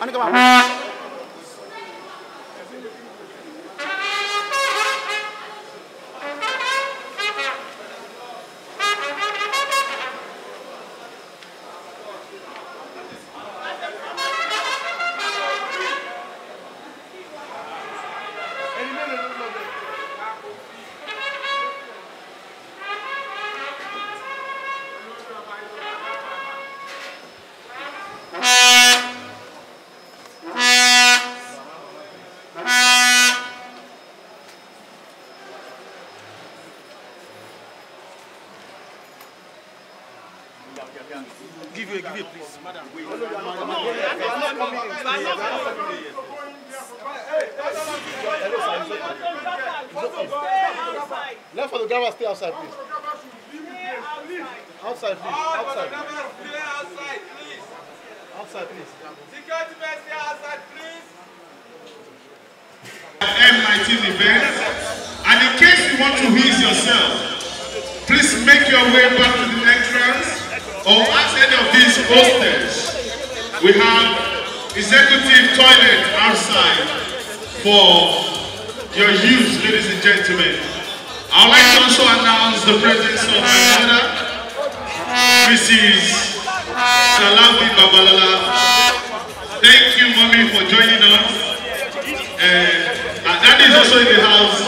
아니 그만 give you a give you please. Madam, No, you not coming. You not coming. You are not coming. stay outside, please. Outside, please. Ah, outside. please. Outside, please. Security men stay outside, please. M19 event. And in case you want to ease yourself, please make your way back or oh, at any of these posters, we have executive toilet outside for your use, ladies and gentlemen. I would like to also announce the presence of my mother, Mrs. Salawi Babalala. Thank you, mommy, for joining us. And uh, that is also in the house.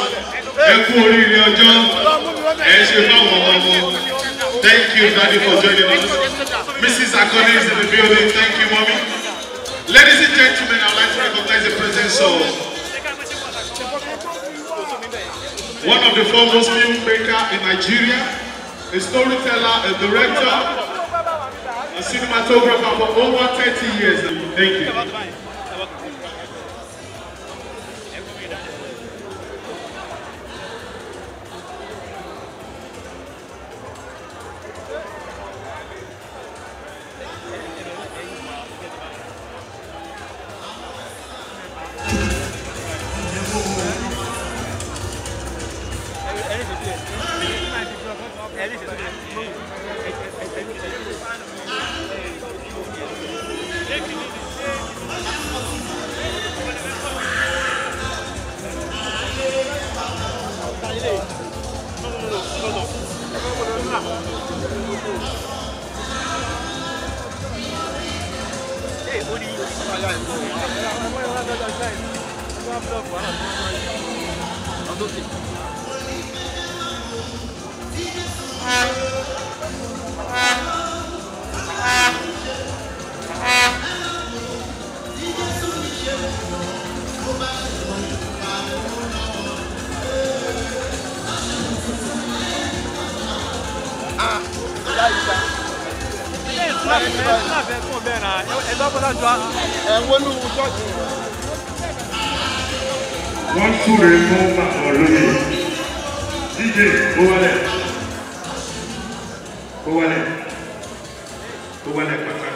Ẹ kú oríire ọjọ́, ẹ ṣe fáwọn ọmọ. Thank you, Daddy, for joining us. Mrs. Akoni is in the building. Thank you, Mommy. Ladies and gentlemen, I would like to recognize the presence of one of the foremost filmmakers in Nigeria, a storyteller, a director, a cinematographer for over 30 years. Thank you. wọ́n súre fún bàbá olóyè dj ó wọlé ó wọlé ó wọlé pàtàkì.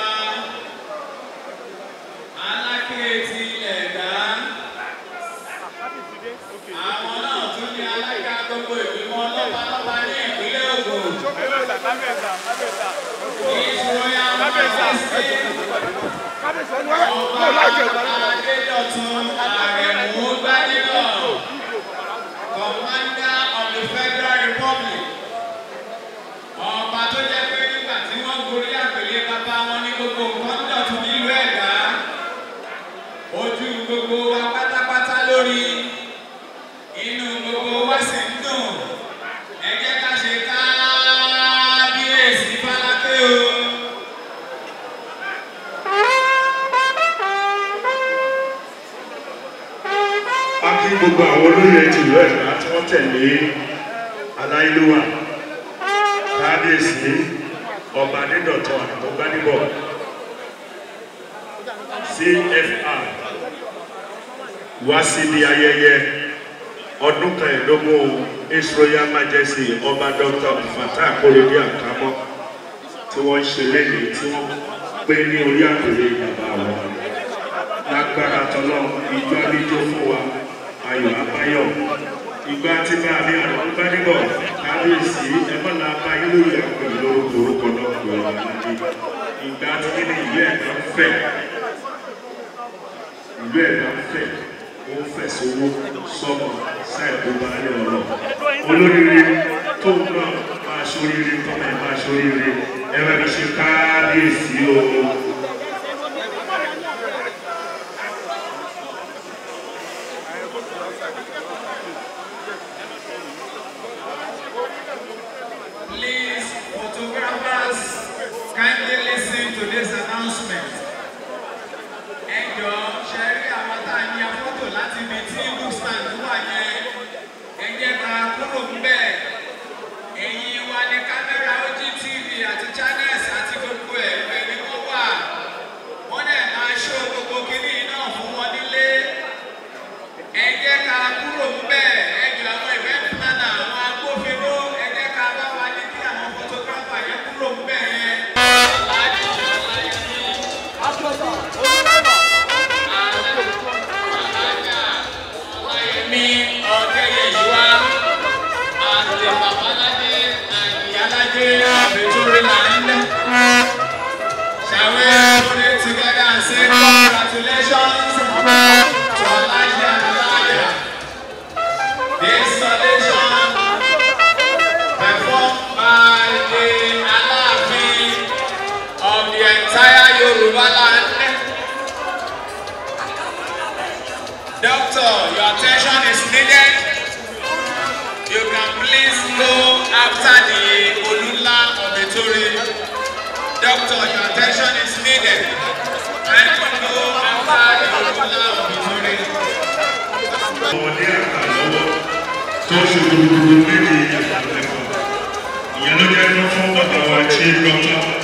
Ọba Adédọ̀tun Àrẹ̀mú Gbádébọ̀. àwọn olóyè tìlú Ẹ̀gbá tí wọ́n tẹ̀lé aláìlúwà kábíyèsí ọba Adédọ̀tun àtọ́gbádìbọ̀ CFR wá síbi ayẹyẹ ọdún kẹẹ̀ẹ́dógún His Majesty ọba Dr. Fatai Akorede Akamo tí wọ́n ń ṣe lẹ́yìn tí wọ́n pé ní orí àpèrè bàbá wọn lágbára tọ́lọ́ ìjọ́lì ayọ̀ ìgbà tí bá mi àwọn gbádìbọ̀ kábíyèsí ẹ má la bá yín lórí àpò lórúkọ orúkọ náà pẹ̀lú àlàyé ìgbà tí kí ni ìlú ẹ̀dá ń fẹ́ ìlú ẹ̀dá ń fẹ́ ó ń fẹ̀ sówó sọ́mọ sáìkó bá ní ọ̀rọ̀ olóríire tó ń náà máa ṣoríire tọ́mọ ẹ̀ máa ṣoríire ẹ bá mi ṣe kábíyèsí o. ẹ jẹ́ ká kúrò ń bẹ́ẹ̀. needed, you can please go after the Olula auditorium. Doctor, your attention is needed. And you go after the Olula Obetore. ọmọdé àtàlọ́wọ́ tó ṣòro gbogbo méjì ìyàtọ̀ lẹ́kọ̀ọ́ ìyẹn ló jẹ́ fún bàbá wa chief doctor.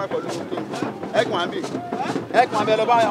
fún ẹ pẹ̀lú òkè ẹ̀gbọ́n àbí ẹ̀gbọ́n abẹ lọ báyà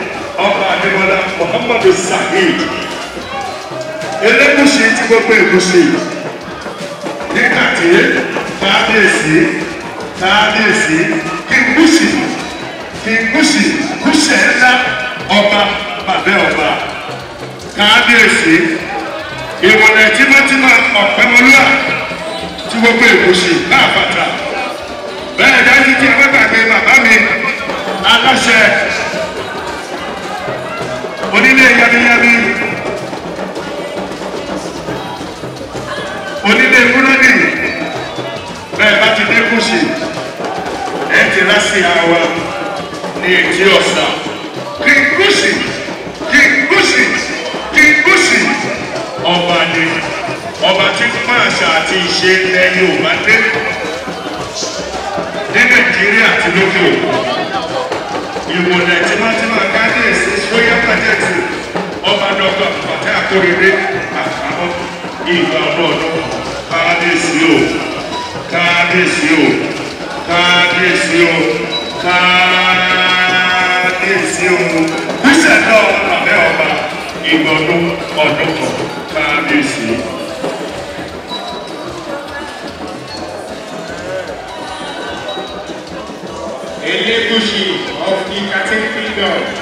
ọba adébọlá muhammadu sahid elégùsì tí gbogbo ègùsì nígbàtí kábíyèsí kábíyèsí kí gúsì kí gúsì gúsì ńlá ọba bàbá ọba kábíyèsí ìwọlẹ̀ tímọ́tímọ́ ọ̀pẹ́mọlúwà tí gbogbo ègùsì náà bàtà bẹ́ẹ̀ dájú tí ẹ bá gbàgbé bàbá mi aláṣẹ. àti ìṣe ilẹ̀ Yorùbá dé ní Nàìjíríà àti lókè òkun ìwò nàìjíríàtìmá kábíyèsí sóyà pàtẹ́tì ọba dọ́gba pàtẹ́ àkórèrè àkàbọ̀ ìgbà ọlọ́ọ̀dọ́ kábíyèsí o kábíyèsí o kábíyèsí o kábíyèsí o bísẹ̀ náà àbẹ́ ọba ìgbọ̀dún ọdún kan kábíyèsí o. A legacy of the Catholic Kingdom.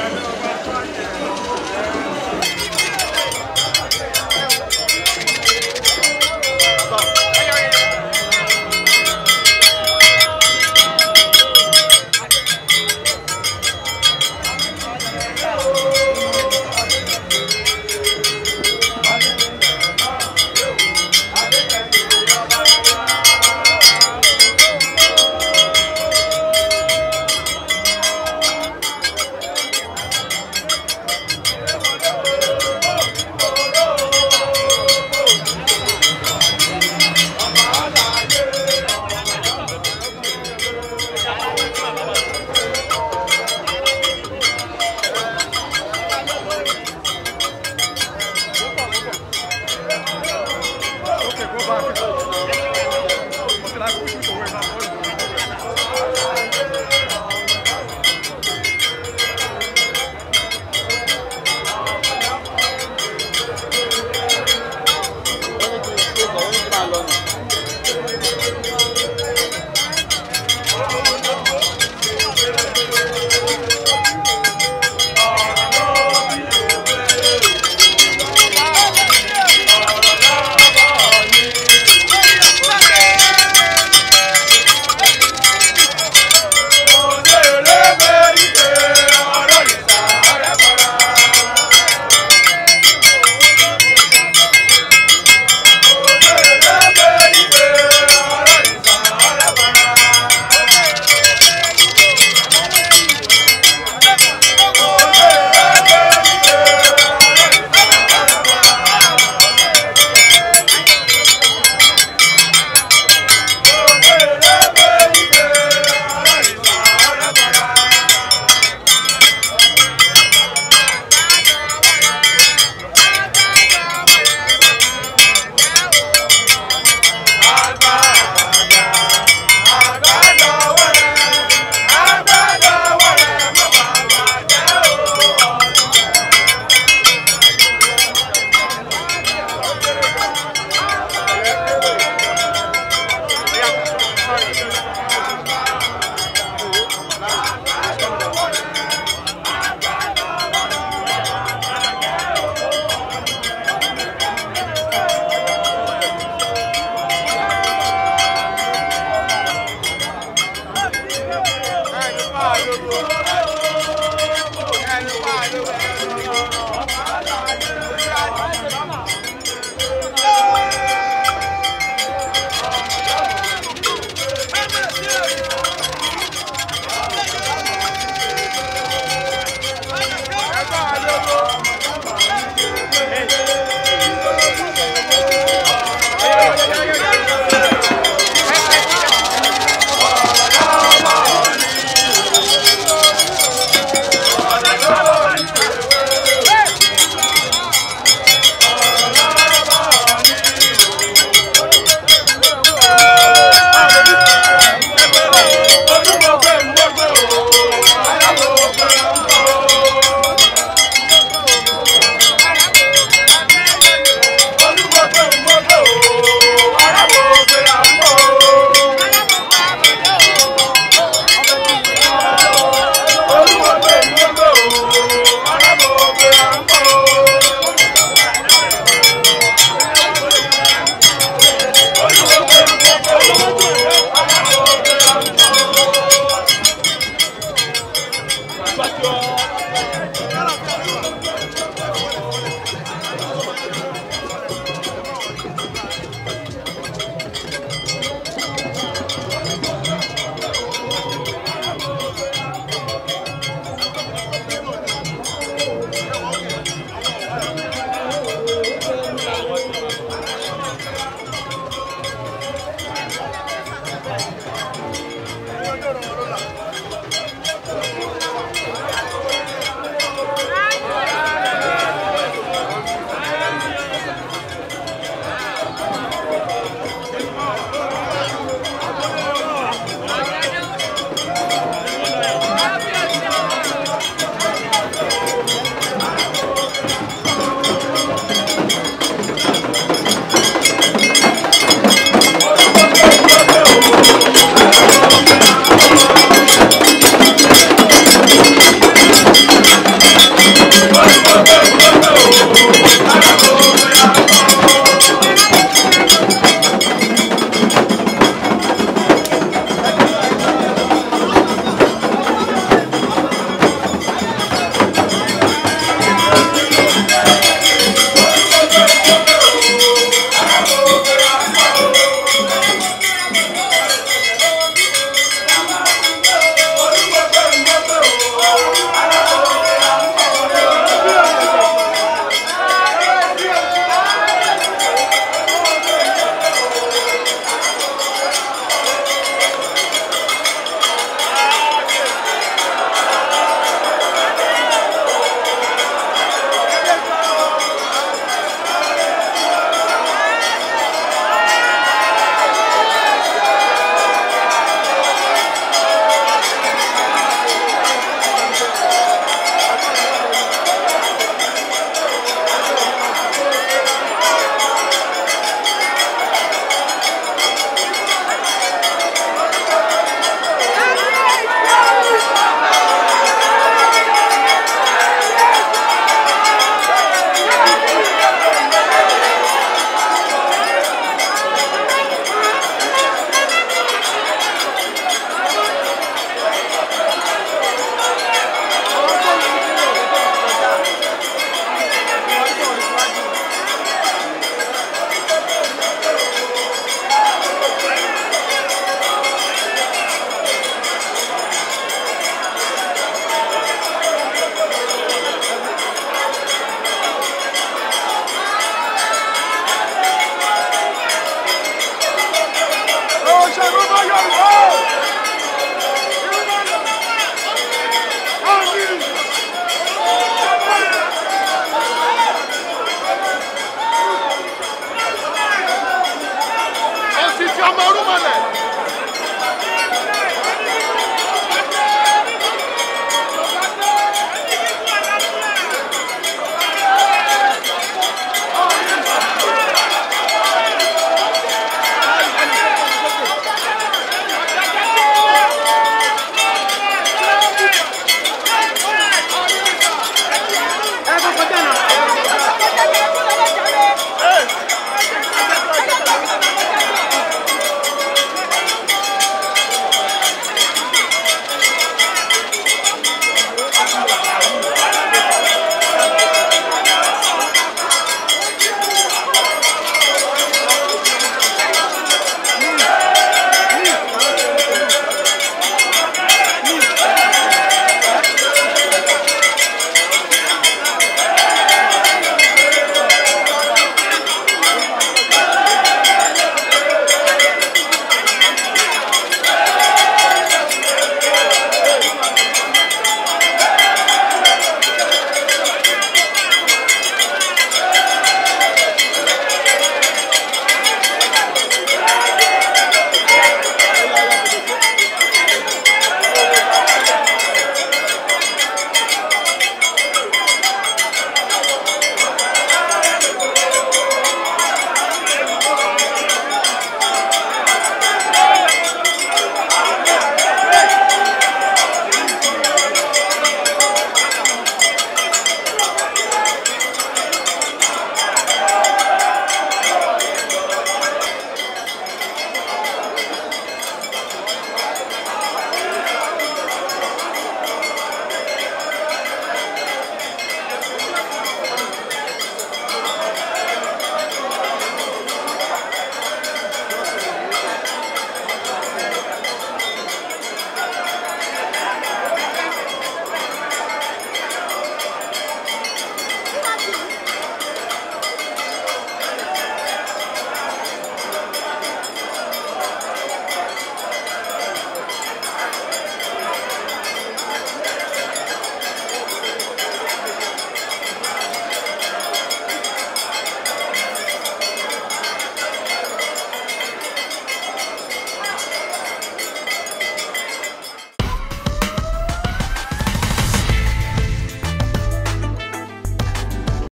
아, 야, 야, 야.